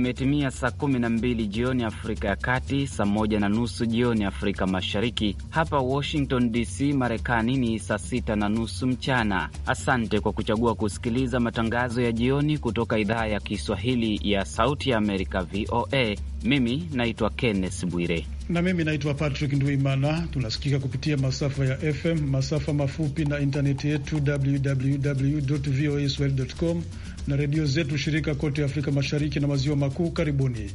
imetimia saa 12 jioni Afrika ya Kati, saa moja na nusu jioni Afrika Mashariki. Hapa Washington DC, Marekani ni saa sita na nusu mchana. Asante kwa kuchagua kusikiliza matangazo ya jioni kutoka idhaa ya Kiswahili ya Sauti ya Amerika, VOA. Mimi naitwa Kenneth Bwire na mimi naitwa Patrick Ndwimana. Tunasikika kupitia masafa ya FM, masafa mafupi na intaneti yetu www voa swahili com na redio zetu shirika kote Afrika Mashariki na Maziwa Makuu. Karibuni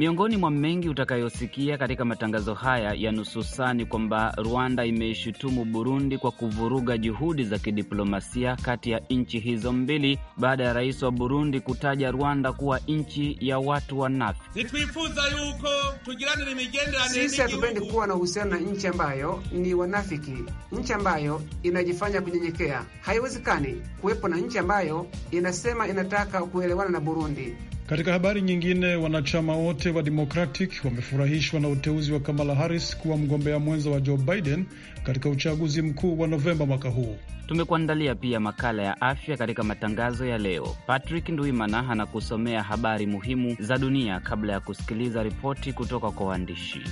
Miongoni mwa mengi utakayosikia katika matangazo haya ya nusu saa ni kwamba Rwanda imeishutumu Burundi kwa kuvuruga juhudi za kidiplomasia kati ya nchi hizo mbili baada ya rais wa Burundi kutaja Rwanda kuwa nchi ya watu wanafiki. Sisi hatupendi kuwa na uhusiano na nchi ambayo ni wanafiki, nchi ambayo inajifanya kunyenyekea. Haiwezekani kuwepo na nchi ambayo inasema inataka kuelewana na Burundi katika habari nyingine, wanachama wote wa Democratic wamefurahishwa na uteuzi wa Kamala Harris kuwa mgombea mwenza wa Joe Biden katika uchaguzi mkuu wa Novemba mwaka huu. Tumekuandalia pia makala ya afya katika matangazo ya leo. Patrick Ndwimana anakusomea habari muhimu za dunia kabla ya kusikiliza ripoti kutoka kwa waandishi.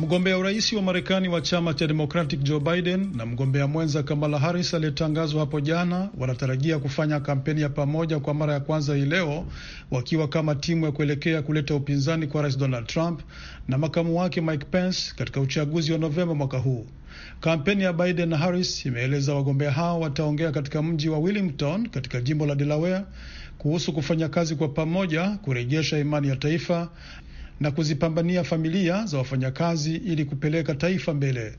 Mgombea urais wa Marekani wa chama cha Democratic Joe Biden na mgombea mwenza Kamala Harris aliyetangazwa hapo jana wanatarajia kufanya kampeni ya pamoja kwa mara ya kwanza hii leo, wakiwa kama timu ya kuelekea kuleta upinzani kwa Rais Donald Trump na makamu wake Mike Pence katika uchaguzi wa Novemba mwaka huu. Kampeni ya Biden na Harris imeeleza wagombea hao wataongea katika mji wa Wilmington katika jimbo la Delaware kuhusu kufanya kazi kwa pamoja kurejesha imani ya taifa na kuzipambania familia za wafanyakazi ili kupeleka taifa mbele.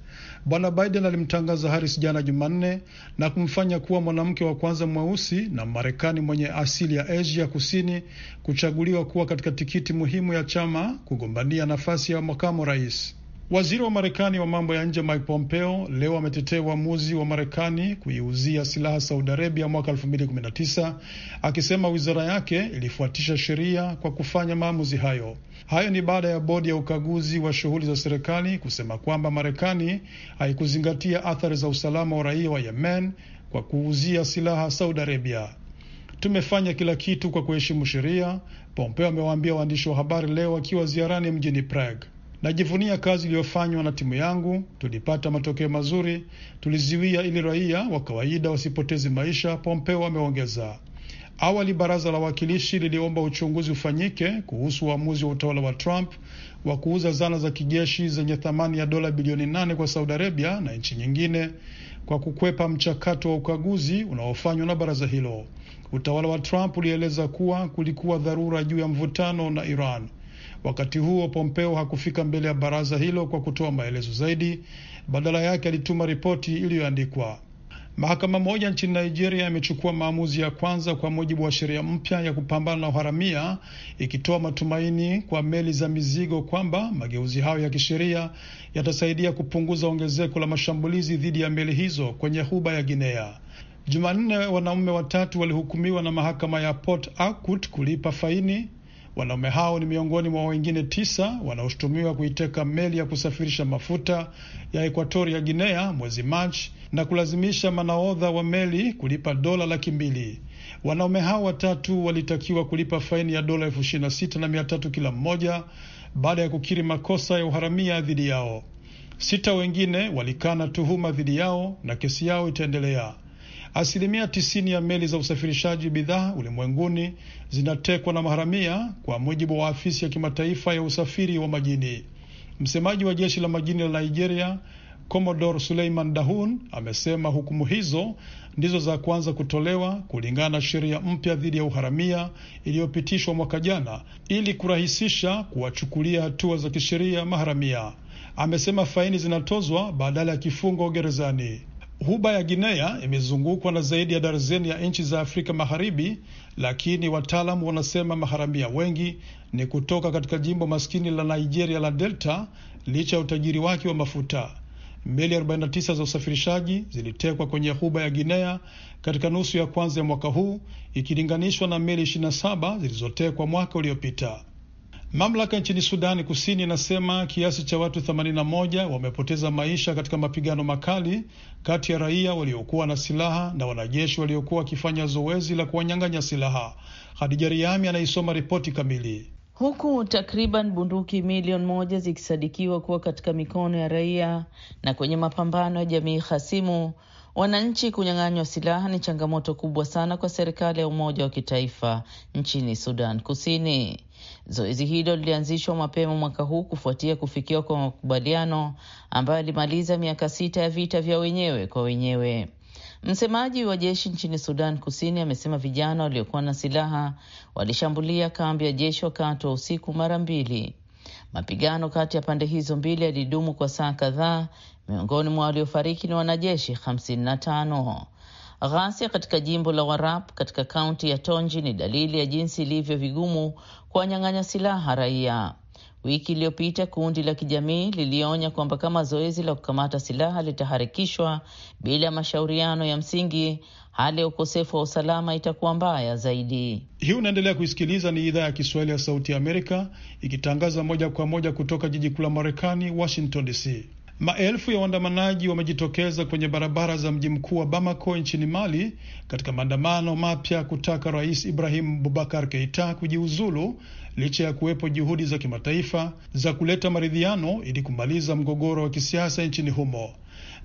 Bwana Biden alimtangaza Harris jana Jumanne na kumfanya kuwa mwanamke wa kwanza mweusi na Marekani mwenye asili ya Asia Kusini kuchaguliwa kuwa katika tikiti muhimu ya chama kugombania nafasi ya makamu rais. Waziri wa Marekani wa mambo ya nje Mike Pompeo leo ametetea uamuzi wa Marekani kuiuzia silaha Saudi Arabia mwaka 2019 akisema wizara yake ilifuatisha sheria kwa kufanya maamuzi hayo. Hayo ni baada ya bodi ya ukaguzi wa shughuli za serikali kusema kwamba Marekani haikuzingatia athari za usalama wa raia wa Yemen kwa kuuzia silaha Saudi Arabia. Tumefanya kila kitu kwa kuheshimu sheria, Pompeo amewaambia waandishi wa habari leo akiwa ziarani mjini Prague. Najivunia kazi iliyofanywa na timu yangu. Tulipata matokeo mazuri, tuliziwia ili raia wa kawaida wasipoteze maisha, Pompeo ameongeza. Awali baraza la wawakilishi liliomba uchunguzi ufanyike kuhusu uamuzi wa utawala wa Trump wa kuuza zana za kijeshi zenye thamani ya dola bilioni nane kwa Saudi Arabia na nchi nyingine kwa kukwepa mchakato wa ukaguzi unaofanywa na baraza hilo. Utawala wa Trump ulieleza kuwa kulikuwa dharura juu ya mvutano na Iran. Wakati huo Pompeo hakufika mbele ya baraza hilo kwa kutoa maelezo zaidi, badala yake alituma ripoti iliyoandikwa. Mahakama moja nchini Nigeria imechukua maamuzi ya kwanza kwa mujibu wa sheria mpya ya kupambana na uharamia, ikitoa matumaini kwa meli za mizigo kwamba mageuzi hayo ya kisheria yatasaidia kupunguza ongezeko la mashambulizi dhidi ya meli hizo kwenye huba ya Guinea. Jumanne, wanaume watatu walihukumiwa na mahakama ya Port Harcourt kulipa faini Wanaume hao ni miongoni mwa wengine tisa wanaoshutumiwa kuiteka meli ya kusafirisha mafuta ya Ekuatoria Guinea mwezi Machi na kulazimisha manaodha wa meli kulipa dola laki mbili. Wanaume hao watatu walitakiwa kulipa faini ya dola elfu ishirini na sita na mia tatu kila mmoja baada ya kukiri makosa ya uharamia dhidi yao. Sita wengine walikana tuhuma dhidi yao na kesi yao itaendelea. Asilimia tisini ya meli za usafirishaji bidhaa ulimwenguni zinatekwa na maharamia, kwa mujibu wa afisi ya kimataifa ya usafiri wa majini. Msemaji wa jeshi la majini la Nigeria comodor Suleiman Dahun amesema hukumu hizo ndizo za kwanza kutolewa kulingana na sheria mpya dhidi ya uharamia iliyopitishwa mwaka jana ili kurahisisha kuwachukulia hatua za kisheria maharamia. Amesema faini zinatozwa badala ya kifungo gerezani. Ghuba ya Guinea imezungukwa na zaidi ya darzeni ya nchi za Afrika Magharibi, lakini wataalamu wanasema maharamia wengi ni kutoka katika jimbo maskini la Nigeria la Delta, licha ya utajiri wake wa mafuta. Meli 49 za usafirishaji zilitekwa kwenye Ghuba ya Guinea katika nusu ya kwanza ya mwaka huu ikilinganishwa na meli 27 zilizotekwa mwaka uliopita. Mamlaka nchini Sudani Kusini inasema kiasi cha watu 81 wamepoteza maisha katika mapigano makali kati ya raia waliokuwa na silaha na wanajeshi waliokuwa wakifanya zoezi la kuwanyang'anya silaha. Hadija Riami anaisoma ripoti kamili. Huku takriban bunduki milioni moja zikisadikiwa kuwa katika mikono ya raia na kwenye mapambano ya jamii hasimu, Wananchi kunyang'anywa silaha ni changamoto kubwa sana kwa serikali ya umoja wa kitaifa nchini Sudan Kusini. Zoezi hilo lilianzishwa mapema mwaka huu kufuatia kufikiwa kwa makubaliano ambayo alimaliza miaka sita ya vita vya wenyewe kwa wenyewe. Msemaji wa jeshi nchini Sudan Kusini amesema vijana waliokuwa na silaha walishambulia kambi ya jeshi wakati wa usiku mara mbili. Mapigano kati ya pande hizo mbili yalidumu kwa saa kadhaa. Miongoni mwa waliofariki ni wanajeshi 55. Ghasia katika jimbo la Warap katika kaunti ya Tonji ni dalili ya jinsi ilivyo vigumu kuwanyang'anya silaha raia. Wiki iliyopita kundi la kijamii lilionya kwamba kama zoezi la kukamata silaha litaharakishwa bila mashauriano ya msingi, hali ya ukosefu wa usalama itakuwa mbaya zaidi. Hii unaendelea kuisikiliza, ni idhaa ya Kiswahili ya Sauti ya Amerika ikitangaza moja kwa moja kutoka jiji kuu la Marekani, Washington DC. Maelfu ya waandamanaji wamejitokeza kwenye barabara za mji mkuu wa Bamako nchini Mali katika maandamano mapya kutaka Rais Ibrahim Bubakar Keita kujiuzulu licha ya kuwepo juhudi za kimataifa za kuleta maridhiano ili kumaliza mgogoro wa kisiasa nchini humo.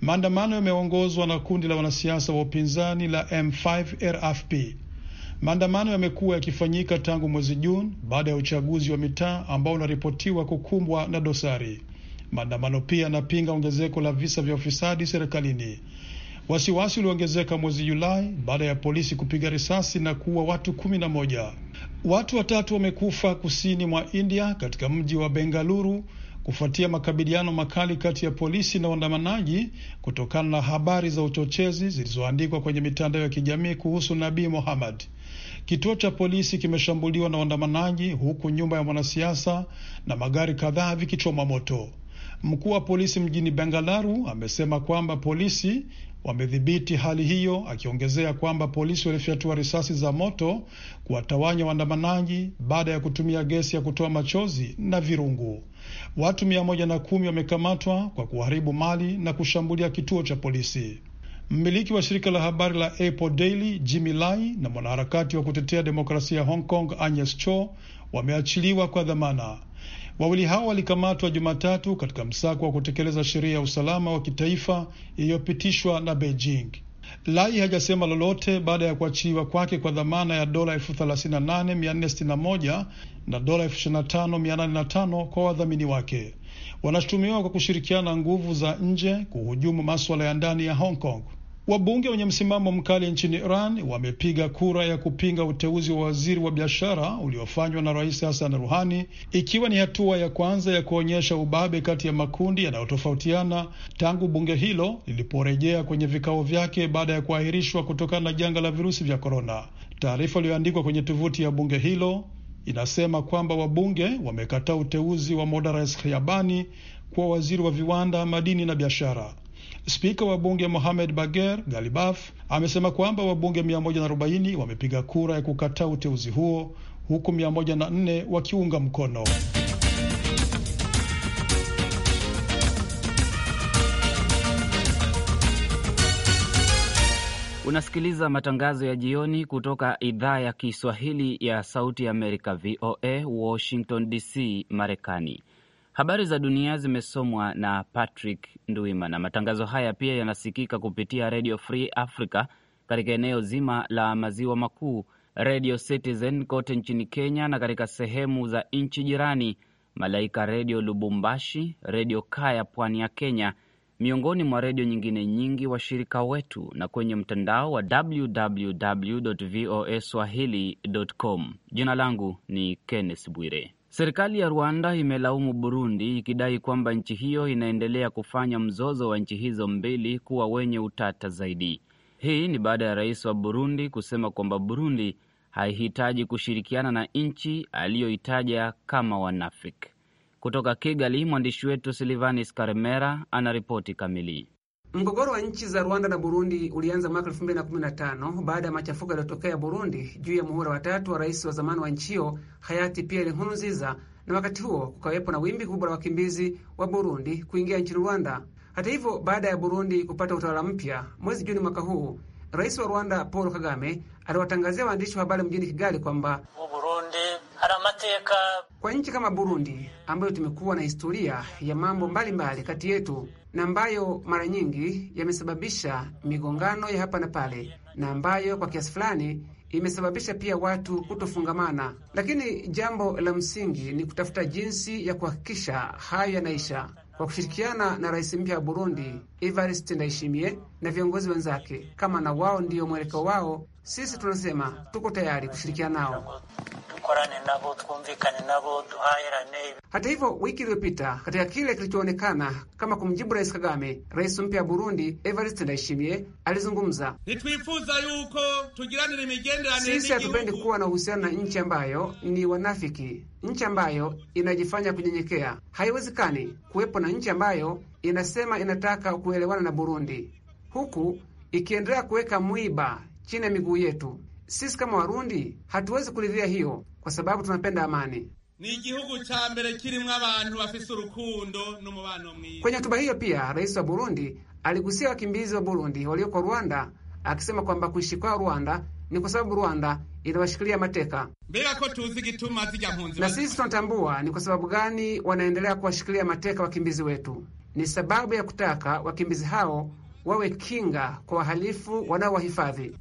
Maandamano yameongozwa na kundi la wanasiasa wa upinzani la M5 RFP. Maandamano yamekuwa yakifanyika tangu mwezi Juni baada ya uchaguzi wa mitaa ambao unaripotiwa kukumbwa na dosari. Maandamano pia yanapinga ongezeko la visa vya ufisadi serikalini. Wasiwasi uliongezeka mwezi Julai baada ya polisi kupiga risasi na kuua watu kumi na moja. Watu watatu wamekufa kusini mwa India katika mji wa Bengaluru kufuatia makabiliano makali kati ya polisi na waandamanaji kutokana na habari za uchochezi zilizoandikwa kwenye mitandao ya kijamii kuhusu Nabii Muhammad. Kituo cha polisi kimeshambuliwa na waandamanaji huku nyumba ya mwanasiasa na magari kadhaa vikichoma moto. Mkuu wa polisi mjini Bengaluru amesema kwamba polisi wamedhibiti hali hiyo, akiongezea kwamba polisi walifyatua risasi za moto kuwatawanya waandamanaji baada ya kutumia gesi ya kutoa machozi na virungu. Watu mia moja na kumi wamekamatwa kwa kuharibu mali na kushambulia kituo cha polisi. Mmiliki wa shirika la habari la Apple Daily Jimmy Lai na mwanaharakati wa kutetea demokrasia ya Hong Kong Agnes Chow wameachiliwa kwa dhamana. Wawili hao walikamatwa Jumatatu katika msako wa kutekeleza sheria ya usalama wa kitaifa iliyopitishwa na Beijing. Lai hajasema lolote baada ya kuachiliwa kwake kwa dhamana ya dola elfu thelathini na nane mia nne sitini na moja na dola elfu ishirini na tano mia nane na tano kwa wadhamini wake. Wanashutumiwa kwa kushirikiana nguvu za nje kuhujumu maswala ya ndani ya Hong Kong. Wabunge wenye msimamo mkali nchini Iran wamepiga kura ya kupinga uteuzi wa waziri wa biashara uliofanywa na Rais Hassan Ruhani, ikiwa ni hatua ya kwanza ya kuonyesha ubabe kati ya makundi yanayotofautiana tangu bunge hilo liliporejea kwenye vikao vyake baada ya kuahirishwa kutokana na janga la virusi vya korona. Taarifa iliyoandikwa kwenye tovuti ya bunge hilo inasema kwamba wabunge wamekataa uteuzi wa Modarres Khiabani kuwa waziri wa viwanda, madini na biashara. Spika wa bunge Mohamed Bager Galibaf amesema kwamba wabunge 140 wamepiga kura ya kukataa uteuzi huo huku 104 wakiunga mkono. Unasikiliza matangazo ya jioni kutoka idhaa ya Kiswahili ya Sauti ya Amerika, VOA Washington DC, Marekani. Habari za dunia zimesomwa na Patrick Ndwimana. Matangazo haya pia yanasikika kupitia Redio Free Africa katika eneo zima la maziwa makuu, Redio Citizen kote nchini Kenya na katika sehemu za nchi jirani, Malaika Redio Lubumbashi, Redio Kaya pwani ya Kenya, miongoni mwa redio nyingine nyingi washirika wetu na kwenye mtandao wa www www.voaswahili.com. Jina langu ni Kenneth Bwire. Serikali ya Rwanda imelaumu Burundi ikidai kwamba nchi hiyo inaendelea kufanya mzozo wa nchi hizo mbili kuwa wenye utata zaidi. Hii ni baada ya rais wa Burundi kusema kwamba Burundi haihitaji kushirikiana na nchi aliyoitaja kama wanafiki. Kutoka Kigali, mwandishi wetu silivanis Karemera ripoti kamili. Mgogoro wa nchi za Rwanda na Burundi ulianza mwaka 2015 baada ya machafuko yaliyotokea Burundi juu ya muhula watatu wa rais wa zamani wa nchi hiyo hayati Pierre Nkurunziza, na wakati huo kukawepo na wimbi kubwa la wakimbizi wa Burundi kuingia nchini Rwanda. Hata hivyo, baada ya Burundi kupata utawala mpya mwezi Juni mwaka huu, rais wa Rwanda Paul Kagame aliwatangazia waandishi wa habari mjini Kigali kwamba mateka kwa nchi kama Burundi ambayo tumekuwa na historia ya mambo mbalimbali mbali kati yetu na ambayo mara nyingi yamesababisha migongano ya hapa na pale na ambayo kwa kiasi fulani imesababisha pia watu kutofungamana, lakini jambo la msingi ni kutafuta jinsi ya kuhakikisha hayo yanaisha kwa kushirikiana na rais mpya wa Burundi Evariste Ndayishimiye na viongozi wenzake. Kama na wao ndiyo mwelekeo wao, sisi tunasema tuko tayari kushirikiana nao. Hata hivyo, wiki iliyopita katika kile kilichoonekana kama kumjibu Rais Kagame, rais mpya wa Burundi Evariste Ndayishimiye alizungumza, sisi hatupendi kuwa na uhusiano na nchi ambayo ni wanafiki, nchi ambayo inajifanya kunyenyekea. Haiwezekani kuwepo na nchi ambayo inasema inataka kuelewana na Burundi huku ikiendelea kuweka mwiba chini ya miguu yetu. Sisi kama Warundi hatuwezi kuridhia hiyo kwa sababu tunapenda amani. Kwenye hotuba hiyo pia rais wa Burundi aligusia wakimbizi wa Burundi walioko Rwanda akisema kwamba kuishi kwao Rwanda ni kwa sababu Rwanda inawashikilia mateka, na sisi tunatambua ni kwa sababu gani wanaendelea kuwashikilia mateka wakimbizi wetu. Ni sababu ya kutaka wakimbizi hao wawe kinga kwa wahalifu wanaowahifadhi.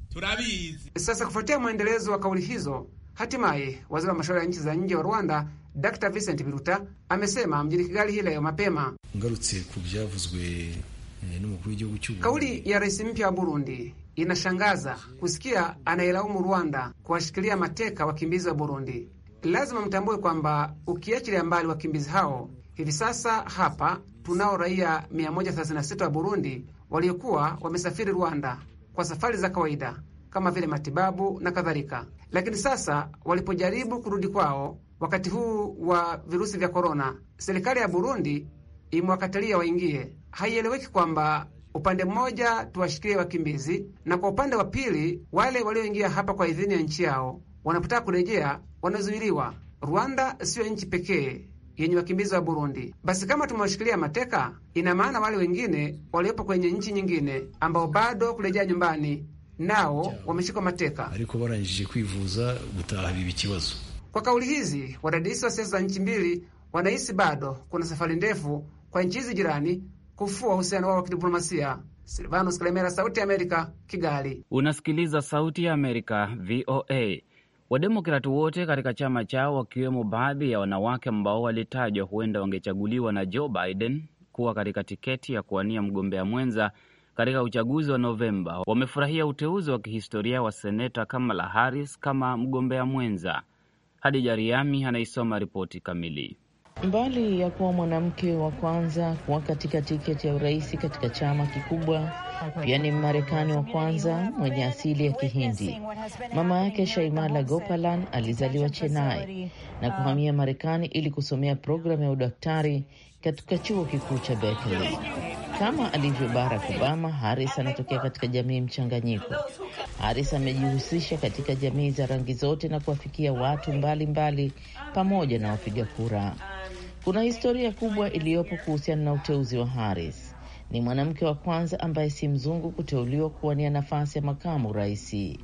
Sasa, kufuatia mwendelezo wa kauli hizo Hatimaye waziri wa mashauri ya nchi za nje wa Rwanda Dr Vincent Biruta amesema mjini Kigali hii leo mapema ngarutse ku byavuzwe eh, n'umukuru w'igihugu cy'u Kauli ya rais mpya wa Burundi inashangaza kusikia anayelaumu Rwanda kuwashikilia mateka wakimbizi wa Burundi. Lazima mtambue kwamba ukiachilia mbali wakimbizi hao, hivi sasa hapa tunao raia 136 wa Burundi waliokuwa wamesafiri Rwanda kwa safari za kawaida kama vile matibabu na kadhalika. Lakini sasa walipojaribu kurudi kwao wakati huu wa virusi vya korona, serikali ya Burundi imewakatalia waingie. Haieleweki kwamba upande mmoja tuwashikilie wakimbizi na kwa upande wa pili wale walioingia hapa kwa idhini ya nchi yao wanapotaka kurejea wanazuiliwa. Rwanda siyo nchi pekee yenye wakimbizi wa Burundi. Basi kama tumewashikilia mateka, ina maana wale wengine waliopo kwenye nchi nyingine ambao bado kurejea nyumbani nao wameshikwa mateka. Kwa kauli hizi, wadadisi wa siasa za nchi mbili wanahisi bado kuna safari ndefu kwa nchi hizi jirani kufua uhusiano wao wa kidiplomasia. Silvanus Kalemera, Sauti ya Amerika, Kigali. Unasikiliza Sauti ya Amerika, VOA. Wademokrati wote katika chama chao wakiwemo baadhi ya wanawake ambao walitajwa huenda wangechaguliwa na Joe Biden kuwa katika tiketi ya kuwania mgombea mwenza katika uchaguzi wa Novemba wamefurahia uteuzi wa kihistoria wa seneta Kamala Harris kama mgombea mwenza. Hadija Riami anaisoma ripoti kamili. Mbali ya kuwa mwanamke wa kwanza kuwa katika tiketi ya urais katika chama kikubwa, pia ni Mmarekani wa kwanza mwenye asili ya Kihindi. Mama yake Shaimala Gopalan alizaliwa Chennai na kuhamia Marekani ili kusomea programu ya udaktari katika chuo kikuu cha Berkeley. Kama alivyo Barack Obama, haris anatokea katika jamii mchanganyiko. haris amejihusisha katika jamii za rangi zote na kuwafikia watu mbalimbali mbali, pamoja na wapiga kura. Kuna historia kubwa iliyopo kuhusiana na uteuzi wa haris Ni mwanamke wa kwanza ambaye si mzungu kuteuliwa kuwania nafasi ya makamu raisi.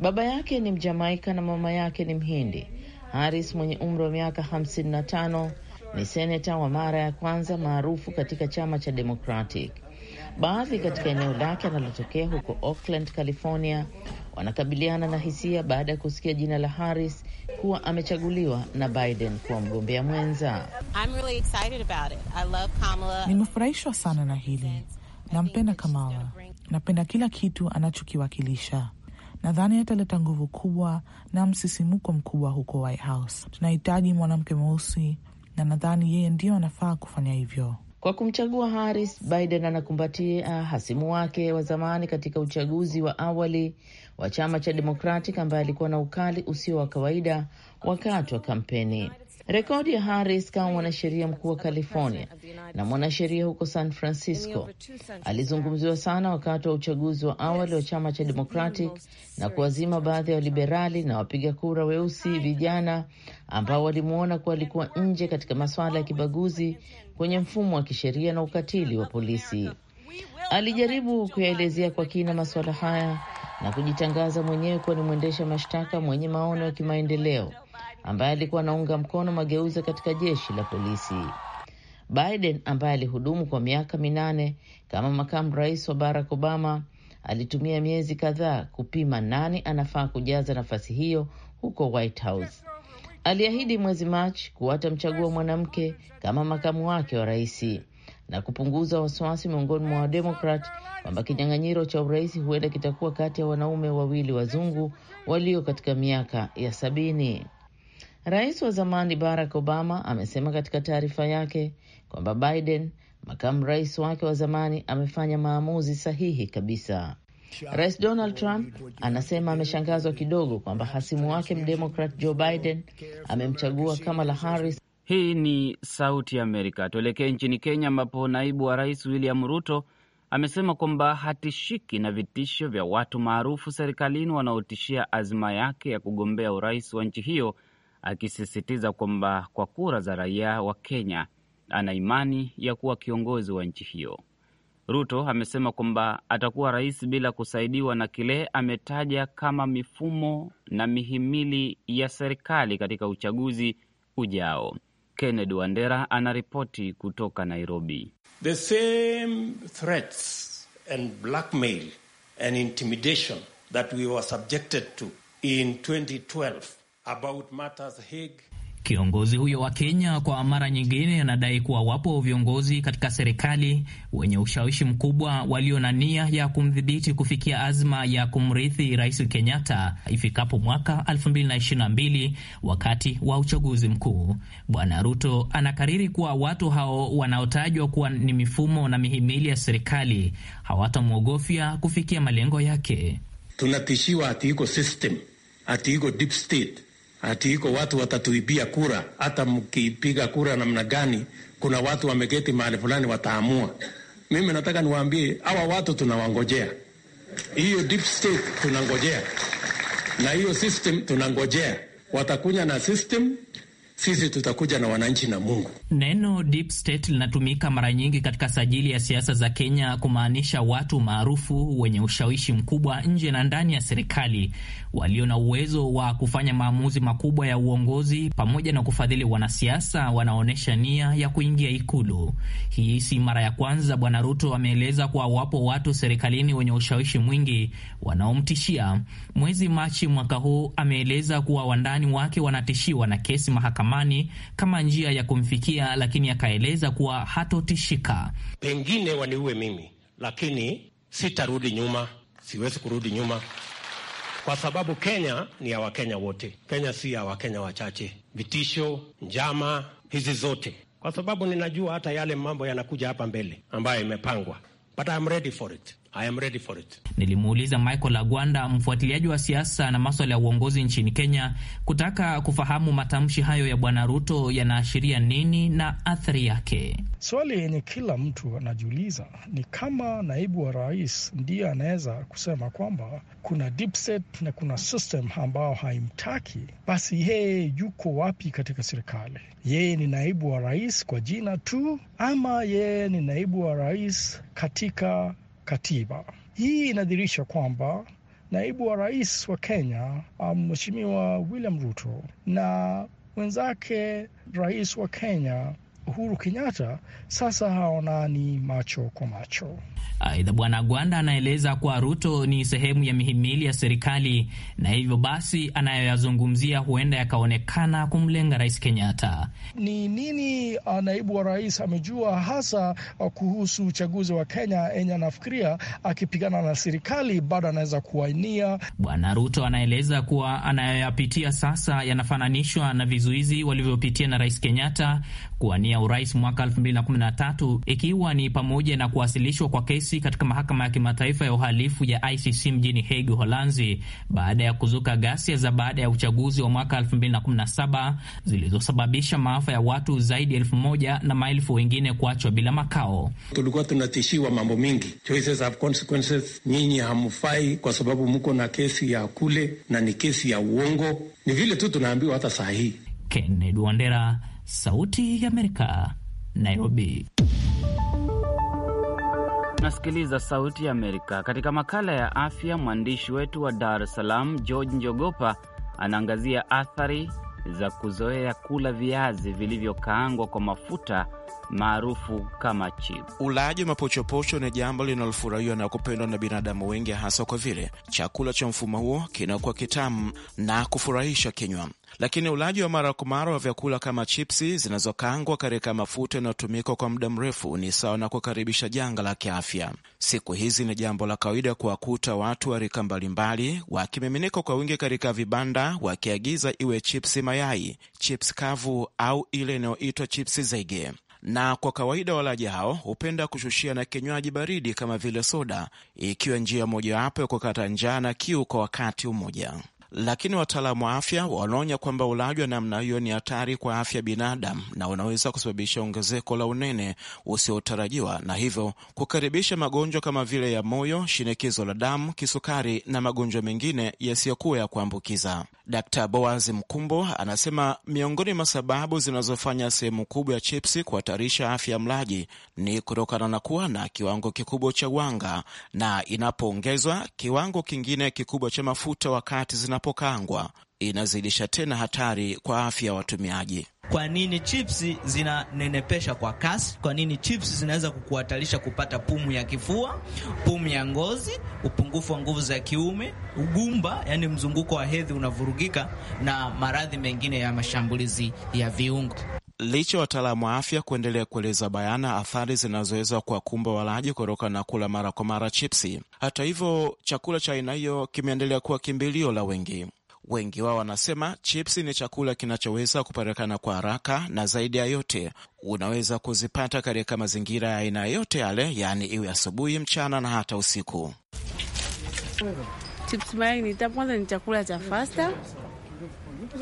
Baba yake ni Mjamaika na mama yake ni Mhindi. haris mwenye umri wa miaka 55 ni seneta wa mara ya kwanza maarufu katika chama cha Democratic. Baadhi katika eneo lake analotokea huko Oakland, California, wanakabiliana na hisia baada ya kusikia jina la Harris kuwa amechaguliwa na Biden kuwa mgombea mwenza. Really nimefurahishwa sana na hili. Nampenda Kamala, napenda kila kitu anachokiwakilisha. Nadhani ataleta nguvu kubwa na msisimuko mkubwa huko White House. Tunahitaji mwanamke mweusi na nadhani yeye ndiyo anafaa kufanya hivyo. Kwa kumchagua Harris, Biden anakumbatia hasimu wake wa zamani katika uchaguzi wa awali wa chama cha Democratic ambaye alikuwa na ukali usio wa kawaida wakati wa kampeni. Rekodi ya Harris kama mwanasheria mkuu wa California na mwanasheria huko San Francisco alizungumziwa sana wakati wa uchaguzi wa awali wa chama cha Democratic na kuwazima baadhi ya wa waliberali na wapiga kura weusi vijana ambao walimwona kuwa alikuwa nje katika masuala ya kibaguzi kwenye mfumo wa kisheria na ukatili wa polisi. Alijaribu kuyaelezea kwa kina masuala haya na kujitangaza mwenyewe kuwa ni mwendesha mashtaka mwenye maono ya kimaendeleo ambaye alikuwa anaunga mkono mageuzi katika jeshi la polisi. Biden ambaye alihudumu kwa miaka minane kama makamu rais wa Barack Obama alitumia miezi kadhaa kupima nani anafaa kujaza nafasi hiyo huko White House. Aliahidi mwezi Machi kuwa atamchagua mwanamke kama makamu wake wa rais na kupunguza wasiwasi miongoni mwa Wademokrat kwamba kinyang'anyiro cha urais huenda kitakuwa kati ya wanaume wawili wazungu walio katika miaka ya sabini. Rais wa zamani Barack Obama amesema katika taarifa yake kwamba Biden, makamu rais wake wa zamani, amefanya maamuzi sahihi kabisa. Rais Donald Trump anasema ameshangazwa kidogo kwamba hasimu wake mdemokrat Joe Biden amemchagua Kamala Harris. Hii ni Sauti ya Amerika. Tuelekee nchini Kenya, ambapo naibu wa rais William Ruto amesema kwamba hatishiki na vitisho vya watu maarufu serikalini wanaotishia azma yake ya kugombea urais wa nchi hiyo akisisitiza kwamba kwa kura za raia wa Kenya ana imani ya kuwa kiongozi wa nchi hiyo. Ruto amesema kwamba atakuwa rais bila kusaidiwa na kile ametaja kama mifumo na mihimili ya serikali katika uchaguzi ujao. Kennedy Wandera anaripoti kutoka Nairobi. The same threats and blackmail and intimidation that we were subjected to in 2012 about matters Hague. Kiongozi huyo wa Kenya kwa mara nyingine anadai kuwa wapo viongozi katika serikali wenye ushawishi mkubwa walio na nia ya kumdhibiti kufikia azma ya kumrithi Rais Kenyatta ifikapo mwaka 2022 wakati wa uchaguzi mkuu. Bwana Ruto anakariri kuwa watu hao wanaotajwa kuwa ni mifumo na mihimili ya serikali hawatamwogofya kufikia malengo yake. Tunatishiwa ati iko system, ati iko deep state ati iko watu watatuibia kura. Hata mkipiga kura namna gani, kuna watu wameketi mahali fulani wataamua. Mimi nataka niwaambie hawa watu tunawangojea, hiyo deep state tunangojea, na hiyo system tunangojea. Watakunya na system sisi tutakuja na wananchi na Mungu. Neno deep state linatumika mara nyingi katika sajili ya siasa za Kenya kumaanisha watu maarufu wenye ushawishi mkubwa nje na ndani ya serikali, walio na uwezo wa kufanya maamuzi makubwa ya uongozi pamoja na kufadhili wanasiasa wanaonyesha nia ya kuingia Ikulu. Hii si mara ya kwanza. Bwana Ruto ameeleza kuwa wapo watu serikalini wenye ushawishi mwingi wanaomtishia. Mwezi Machi mwaka huu ameeleza kuwa wandani wake wanatishiwa na kesi mahakama amani kama njia ya kumfikia, lakini akaeleza kuwa hatotishika. Pengine waniue mimi, lakini sitarudi nyuma, siwezi kurudi nyuma kwa sababu Kenya ni ya Wakenya wote. Kenya si ya Wakenya wachache. Vitisho, njama hizi zote, kwa sababu ninajua hata yale mambo yanakuja hapa mbele ambayo imepangwa, but I'm ready for it. I am ready for it. Nilimuuliza Michael Agwanda, mfuatiliaji wa siasa na maswala ya uongozi nchini Kenya, kutaka kufahamu matamshi hayo ya Bwana Ruto yanaashiria nini na athari yake. Swali yenye kila mtu anajiuliza ni kama naibu wa rais ndiye anaweza kusema kwamba kuna deep state na kuna system ambayo haimtaki, basi yeye yuko wapi katika serikali? Yeye ni naibu wa rais kwa jina tu, ama yeye ni naibu wa rais katika katiba. Hii inadhihirisha kwamba naibu wa rais wa Kenya ah, Mheshimiwa William Ruto na mwenzake rais wa Kenya Uhuru Kenyatta sasa haonani macho kwa macho. Aidha, Bwana Gwanda anaeleza kuwa Ruto ni sehemu ya mihimili ya serikali na hivyo basi anayoyazungumzia huenda yakaonekana kumlenga Rais Kenyatta. Ni nini uh, naibu wa rais amejua hasa uh, kuhusu uchaguzi wa Kenya enye anafikiria akipigana na serikali bado anaweza kuwania. Bwana Ruto anaeleza kuwa anayoyapitia sasa yanafananishwa na vizuizi walivyopitia na Rais Kenyatta kuwania ya urais mwaka 2013 ikiwa ni pamoja na kuwasilishwa kwa kesi katika mahakama ya kimataifa ya uhalifu ya ICC mjini Hague, holanzi baada ya kuzuka ghasia za baada ya uchaguzi wa mwaka 2017 zilizosababisha maafa ya watu zaidi ya elfu moja na maelfu wengine kuachwa bila makao. Tulikuwa tunatishiwa mambo mingi choices have consequences, nyinyi hamfai kwa sababu mko na kesi ya kule na ni kesi ya uongo. Ni vile tu tunaambiwa hata saa hii. Kennedy Wandera, Sauti ya Amerika, Nairobi. Nasikiliza Sauti ya Amerika. Katika makala ya afya, mwandishi wetu wa Dar es Salaam George Njogopa anaangazia athari za kuzoea kula viazi vilivyokaangwa kwa mafuta maarufu kama chip. Ulaji wa mapochopocho ni jambo linalofurahiwa na kupendwa na binadamu wengi, hasa kwa vile chakula cha mfumo huo kinakuwa kitamu na kufurahisha kinywa. Lakini ulaji wa mara kwa mara wa vyakula kama chipsi zinazokangwa katika mafuta yanayotumika kwa muda mrefu ni sawa na kukaribisha janga la kiafya. Siku hizi ni jambo la kawaida kuwakuta watu wa rika mbalimbali wakimiminika kwa wingi katika vibanda, wakiagiza iwe chipsi mayai, chipsi kavu au ile inayoitwa chipsi zege na kwa kawaida walaji hao hupenda kushushia na kinywaji baridi kama vile soda, ikiwa njia mojawapo ya kukata njaa na kiu kwa wakati mmoja lakini wataalamu wa afya wanaonya kwamba ulaji wa namna hiyo ni hatari kwa afya binadamu na unaweza kusababisha ongezeko la unene usiotarajiwa na hivyo kukaribisha magonjwa kama vile ya moyo, shinikizo la damu, kisukari na magonjwa mengine yasiyokuwa ya kuambukiza. Dkt. Boaz Mkumbo anasema miongoni mwa sababu zinazofanya sehemu kubwa ya chipsi kuhatarisha afya ya mlaji ni kutokana na kuwa na kiwango kikubwa cha wanga na inapoongezwa kiwango kingine kikubwa cha mafuta wakati zina zinapokangwa inazidisha tena hatari kwa afya ya watumiaji. Kwa nini chipsi zinanenepesha kwa kasi? Kwa nini chipsi zinaweza kukuhatarisha kupata pumu ya kifua, pumu ya ngozi, upungufu wa nguvu za kiume, ugumba, yani mzunguko wa hedhi unavurugika na maradhi mengine ya mashambulizi ya viungo. Licha wataalamu wa afya kuendelea kueleza bayana athari zinazoweza kuwakumba walaji kutoka na kula mara kwa mara chipsi, hata hivyo, chakula cha aina hiyo kimeendelea kuwa kimbilio la wengi. Wengi wao wanasema chipsi ni chakula kinachoweza kupatikana kwa haraka, na zaidi ya yote unaweza kuzipata katika mazingira ya aina yote yale, yaani iwe asubuhi, mchana na hata usiku. Chips ni kwanza ni chakula cha fasta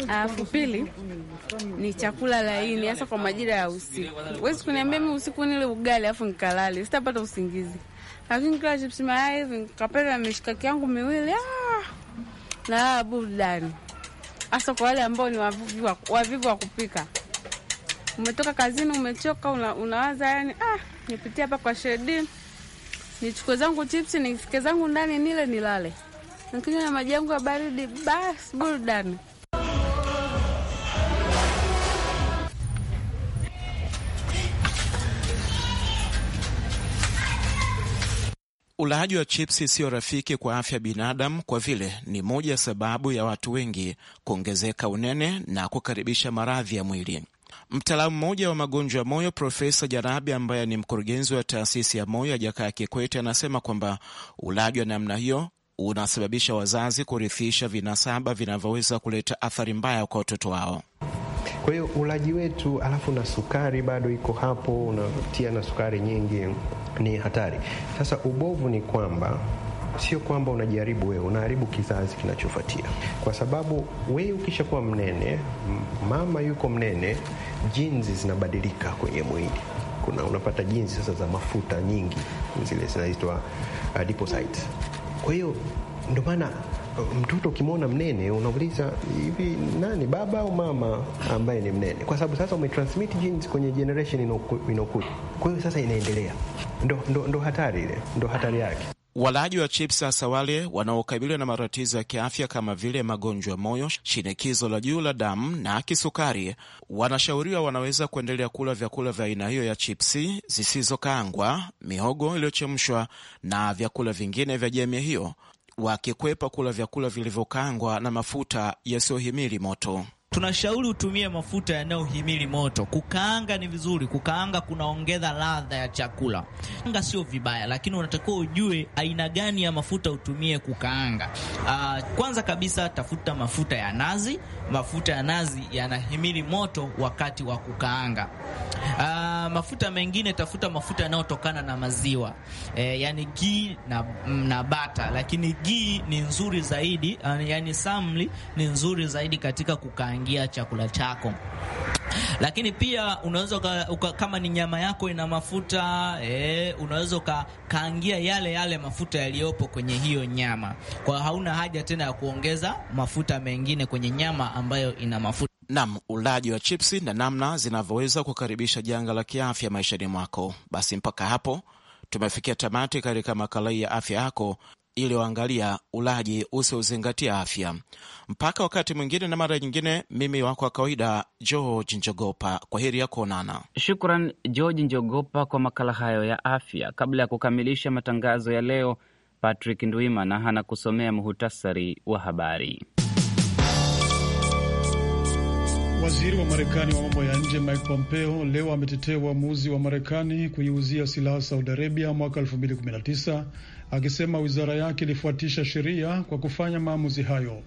Alafu pili ni chakula laini, hasa kwa majira ya usiku. Huwezi kuniambia mimi usiku nile ugali alafu nikalale, sitapata usingizi. Lakini kila chips mayai hivi nikapenda na mishikaki yangu miwili ah, na burudani, hasa kwa wale ambao ni wavivu wa, wavivu wa kupika. Umetoka kazini umechoka, una, unawaza yani ah, nipitia hapa kwa Shedi nichukue zangu chips nifike zangu ndani nile nilale, nikinywa na maji yangu ya baridi, basi burudani. Ulaji wa chipsi siyo rafiki kwa afya binadamu, kwa vile ni moja ya sababu ya watu wengi kuongezeka unene na kukaribisha maradhi ya mwili. Mtaalamu mmoja wa magonjwa ya moyo Profesa Jarabi, ambaye ni mkurugenzi wa taasisi ya moyo ya Jakaya Kikwete, anasema kwamba ulaji wa namna hiyo unasababisha wazazi kurithisha vinasaba vinavyoweza kuleta athari mbaya kwa watoto wao. Kwa hiyo ulaji wetu alafu na sukari bado iko hapo, unatia na sukari nyingi, ni hatari. Sasa ubovu ni kwamba sio kwamba unajaribu wewe, unaharibu kizazi kinachofuatia, kwa sababu wewe ukishakuwa mnene, mama yuko mnene, jinsi zinabadilika kwenye mwili kuna unapata jinsi sasa za mafuta nyingi zile zinaitwa adiposites. Kwa hiyo ndio maana Uh, mtoto ukimwona mnene unauliza hivi, nani baba au mama ambaye ni mnene? Kwa sababu sasa umetransmit genes kwenye generation inayokuja, kwa hiyo sasa inaendelea. Ndo, ndo, ndo hatari ile, ndo hatari yake. Walaji wa chips hasa wale wanaokabiliwa na matatizo ya kiafya kama vile magonjwa ya moyo, shinikizo la juu la damu na kisukari, wanashauriwa wanaweza kuendelea kula vyakula vya aina hiyo ya chipsi zisizokaangwa, mihogo iliyochemshwa na vyakula vingine vya jamii hiyo, wakikwepa kula vyakula vilivyokangwa na mafuta yasiyohimili moto. Tunashauri utumie mafuta yanayohimili moto. Kukaanga ni vizuri, kukaanga kunaongeza ladha ya chakula. Kaanga sio vibaya, lakini unatakiwa ujue aina gani ya mafuta utumie kukaanga. Aa, ah, kwanza kabisa tafuta mafuta ya nazi. Mafuta ya nazi yanahimili moto wakati wa kukaanga. Aa, ah, mafuta mengine, tafuta mafuta yanayotokana na maziwa e, yani ghee na, mm, na bata, lakini ghee ni nzuri zaidi, ah, yani samli ni nzuri zaidi katika kukaangia chakula chako lakini pia unaweza kama ni nyama yako ina mafuta e, unaweza ukaangia yale yale mafuta yaliyopo kwenye hiyo nyama, kwa hauna haja tena ya kuongeza mafuta mengine kwenye nyama ambayo ina mafuta nam ulaji wa chipsi na namna zinavyoweza kukaribisha janga la kiafya maishani mwako. Basi mpaka hapo tumefikia tamati katika makala hii ya afya yako iliyoangalia ulaji usiozingatia afya. Mpaka wakati mwingine na mara nyingine, mimi wako wa kawaida George Njogopa, kwa heri ya kuonana. Shukran George Njogopa kwa makala hayo ya afya. Kabla ya kukamilisha matangazo ya leo, Patrick Ndwimana anakusomea muhutasari wa habari. Waziri wa Marekani wa mambo ya nje Mike Pompeo leo ametetea uamuzi wa Marekani kuiuzia silaha Saudi Arabia mwaka 2019 akisema wizara yake ilifuatisha sheria kwa kufanya maamuzi hayo.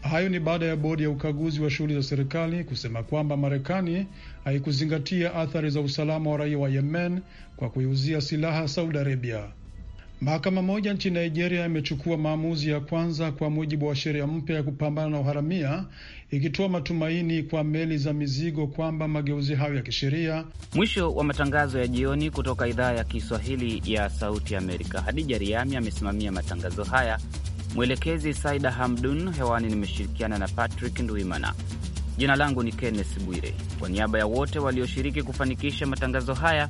Hayo ni baada ya bodi ya ukaguzi wa shughuli za serikali kusema kwamba Marekani haikuzingatia athari za usalama wa raia wa Yemen kwa kuiuzia silaha Saudi Arabia. Mahakama moja nchini Nigeria imechukua maamuzi ya kwanza kwa mujibu wa sheria mpya ya kupambana na uharamia, ikitoa matumaini kwa meli za mizigo kwamba mageuzi hayo ya kisheria. Mwisho wa matangazo ya jioni kutoka idhaa ya Kiswahili ya Sauti Amerika. Hadija Riami amesimamia matangazo haya, mwelekezi Saida Hamdun. Hewani nimeshirikiana na Patrick Ndwimana. Jina langu ni Kenneth Bwire, kwa niaba ya wote walioshiriki kufanikisha matangazo haya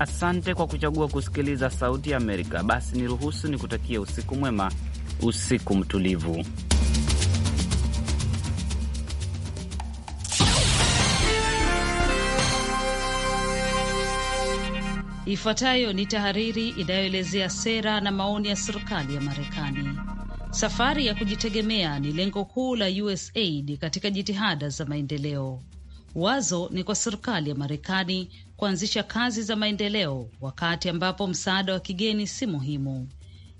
Asante kwa kuchagua kusikiliza Sauti ya Amerika. Basi niruhusu nikutakie usiku mwema, usiku mtulivu. Ifuatayo ni tahariri inayoelezea sera na maoni ya serikali ya Marekani. Safari ya kujitegemea ni lengo kuu la USAID katika jitihada za maendeleo. Wazo ni kwa serikali ya Marekani kuanzisha kazi za maendeleo wakati ambapo msaada wa kigeni si muhimu.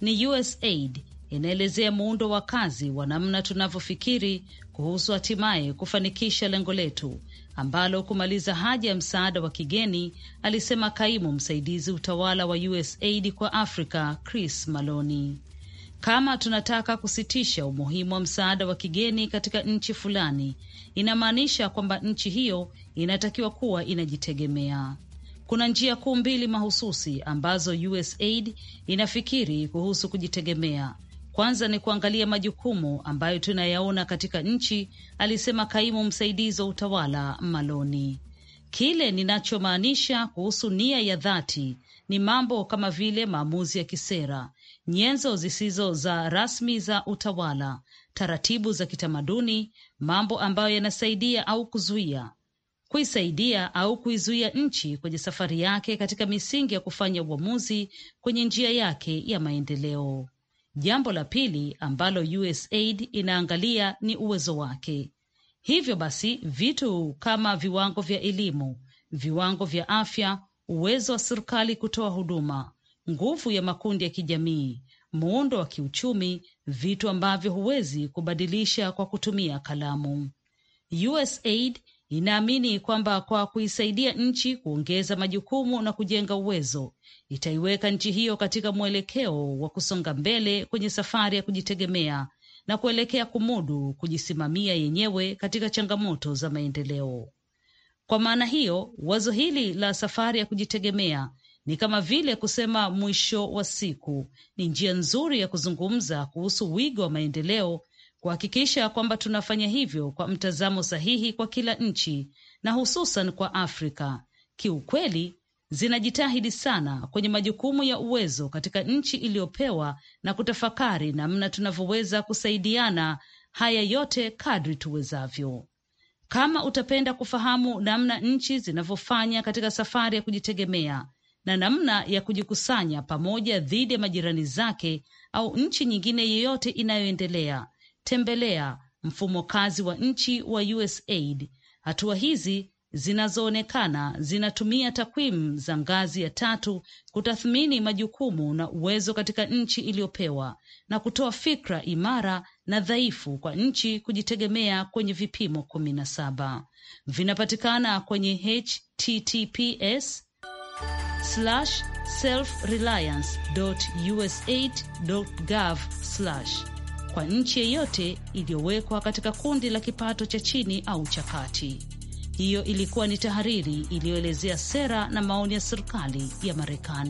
Ni USAID inaelezea muundo wa kazi wa namna tunavyofikiri kuhusu hatimaye kufanikisha lengo letu ambalo kumaliza haja ya msaada wa kigeni, alisema kaimu msaidizi utawala wa USAID kwa Afrika Chris Maloni. Kama tunataka kusitisha umuhimu wa msaada wa kigeni katika nchi fulani, inamaanisha kwamba nchi hiyo inatakiwa kuwa inajitegemea. Kuna njia kuu mbili mahususi ambazo USAID inafikiri kuhusu kujitegemea. Kwanza ni kuangalia majukumu ambayo tunayaona katika nchi, alisema kaimu msaidizi wa utawala Maloni. Kile ninachomaanisha kuhusu nia ya dhati ni mambo kama vile maamuzi ya kisera nyenzo zisizo za rasmi za utawala, taratibu za kitamaduni, mambo ambayo yanasaidia au kuzuia kuisaidia au kuizuia nchi kwenye safari yake katika misingi ya kufanya uamuzi kwenye njia yake ya maendeleo. Jambo la pili ambalo USAID inaangalia ni uwezo wake. Hivyo basi, vitu kama viwango vya elimu, viwango vya afya, uwezo wa serikali kutoa huduma, nguvu ya makundi ya kijamii, muundo wa kiuchumi, vitu ambavyo huwezi kubadilisha kwa kutumia kalamu. USAID inaamini kwamba kwa kuisaidia nchi kuongeza majukumu na kujenga uwezo itaiweka nchi hiyo katika mwelekeo wa kusonga mbele kwenye safari ya kujitegemea na kuelekea kumudu kujisimamia yenyewe katika changamoto za maendeleo. Kwa maana hiyo, wazo hili la safari ya kujitegemea ni kama vile kusema mwisho wa siku ni njia nzuri ya kuzungumza kuhusu wigo wa maendeleo, kuhakikisha kwamba tunafanya hivyo kwa mtazamo sahihi kwa kila nchi na hususan kwa Afrika. Kiukweli zinajitahidi sana kwenye majukumu ya uwezo katika nchi iliyopewa na kutafakari namna tunavyoweza kusaidiana haya yote kadri tuwezavyo. Kama utapenda kufahamu namna nchi zinavyofanya katika safari ya kujitegemea na namna ya kujikusanya pamoja dhidi ya majirani zake au nchi nyingine yeyote inayoendelea. Tembelea mfumo kazi wa nchi wa USAID. Hatua hizi zinazoonekana zinatumia takwimu za ngazi ya tatu kutathmini majukumu na uwezo katika nchi iliyopewa na kutoa fikra imara na dhaifu kwa nchi kujitegemea kwenye vipimo kumi na saba. Vinapatikana kwenye https selfreliance.usaid.gov kwa nchi yeyote iliyowekwa katika kundi la kipato cha chini au cha kati. Hiyo ilikuwa ni tahariri iliyoelezea sera na maoni ya serikali ya Marekani.